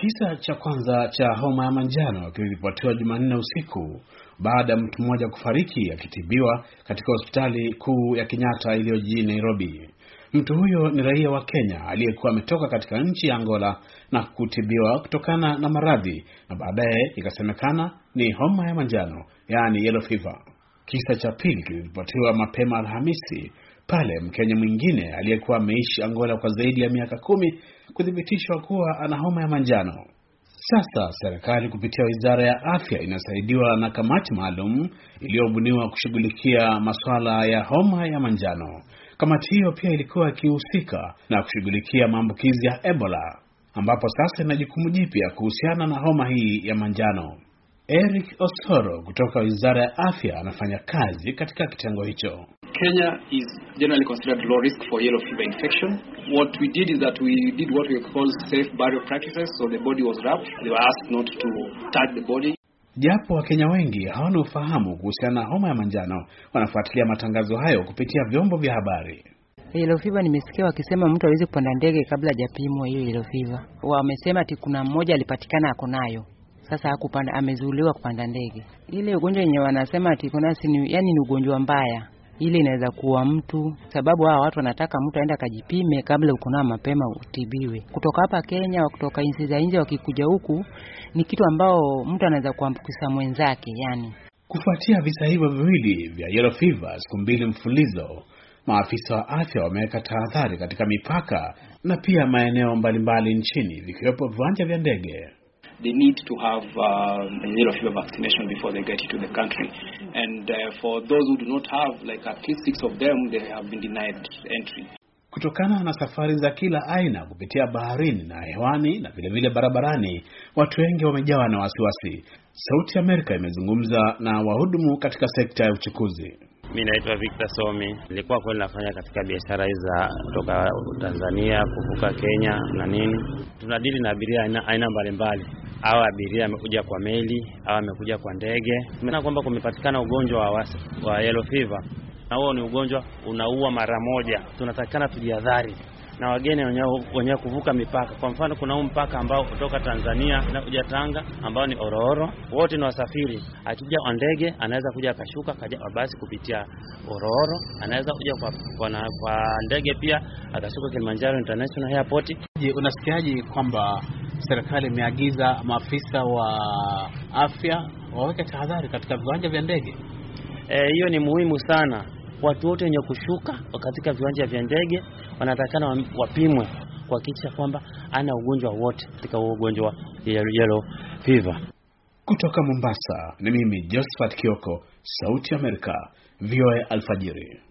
Kisa cha kwanza cha homa ya manjano kiliripotiwa Jumanne usiku baada ya mtu mmoja kufariki akitibiwa katika hospitali kuu ya Kenyatta iliyo jijini Nairobi. Mtu huyo ni raia wa Kenya aliyekuwa ametoka katika nchi ya Angola na kutibiwa kutokana na maradhi na baadaye ikasemekana ni homa ya manjano, yaani yellow fever. Kisa cha pili kiliripotiwa mapema Alhamisi pale Mkenya mwingine aliyekuwa ameishi Angola kwa zaidi ya miaka kumi kuthibitishwa kuwa ana homa ya manjano. Sasa serikali kupitia wizara ya afya inasaidiwa na kamati maalum iliyobuniwa kushughulikia masuala ya homa ya manjano. Kamati hiyo pia ilikuwa ikihusika na kushughulikia maambukizi ya Ebola, ambapo sasa ina jukumu jipya kuhusiana na homa hii ya manjano. Eric Osoro kutoka wizara ya afya anafanya kazi katika kitengo hicho. Kenya is generally considered low risk for yellow fever infection. What we did is that we did what we call safe burial practices, so the body was wrapped. They were asked not to touch the body. Japo Wakenya wengi hawana ufahamu kuhusiana na homa ya manjano, wanafuatilia matangazo hayo kupitia vyombo vya habari. Yellow fever nimesikia wakisema mtu hawezi kupanda ndege kabla hajapimwa hiyo yellow fever. Wamesema ati kuna mmoja alipatikana ako nayo. Sasa hakupanda, amezuiliwa kupanda ndege. Ile ugonjwa yenye wanasema ati kuna, sini, yani ni ugonjwa mbaya ili inaweza kuwa mtu, sababu hawa watu wanataka mtu aende akajipime kabla ukonoa mapema utibiwe. Kutoka hapa Kenya au kutoka nchi za nje wakikuja huku, ni kitu ambao mtu anaweza kuambukiza mwenzake yani. Kufuatia visa hivyo viwili vya yellow fever siku mbili mfulizo, maafisa wa afya wameweka tahadhari katika mipaka na pia maeneo mbalimbali nchini vikiwepo viwanja vya ndege they need to have um, a yellow fever vaccination before they get into the country. And uh, for those who do not have, like at least six of them, they have been denied entry. Kutokana na safari za kila aina kupitia baharini na hewani na vilevile barabarani, watu wengi wamejawa na wasiwasi. Sauti ya Amerika imezungumza na wahudumu katika sekta ya uchukuzi. Mi naitwa Victor Somi, nilikuwa kweli nafanya katika biashara hizi za kutoka Tanzania kuvuka Kenya na nini. Tunadili na abiria aina mbalimbali au abiria amekuja kwa meli au amekuja kwa ndege, na kwamba kumepatikana ugonjwa wa, wa yellow fever, na huo ni ugonjwa unaua mara moja. Tunatakikana tujihadhari na wageni wenye kuvuka mipaka. Kwa mfano, kuna huu mpaka ambao kutoka Tanzania na kuja Tanga ambao ni Orooro, wote ni wasafiri. Akija kwa ndege anaweza kuja akashuka akaja kwa basi kupitia Orooro, anaweza kuja kwa, kwa, na, kwa ndege pia akashuka Kilimanjaro International Airport. Je, unasikiaje kwamba serikali imeagiza maafisa wa afya waweke tahadhari katika viwanja vya ndege. Eh, hiyo e, ni muhimu sana. Watu wote wenye kushuka katika viwanja vya ndege wanatakana wapimwe kuhakikisha kwamba ana ugonjwa wote katika ugonjwa yellow fever. Kutoka Mombasa ni mimi Josephat Kioko, Sauti ya Amerika, VOA Alfajiri.